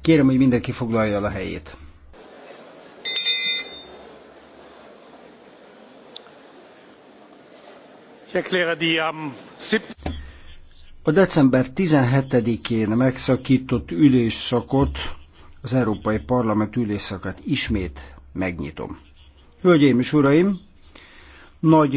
Kérem, hogy mindenki foglalja el a helyét. A december 17-én megszakított ülésszakot, az Európai Parlament ülésszakát ismét megnyitom. Hölgyeim és uraim, nagy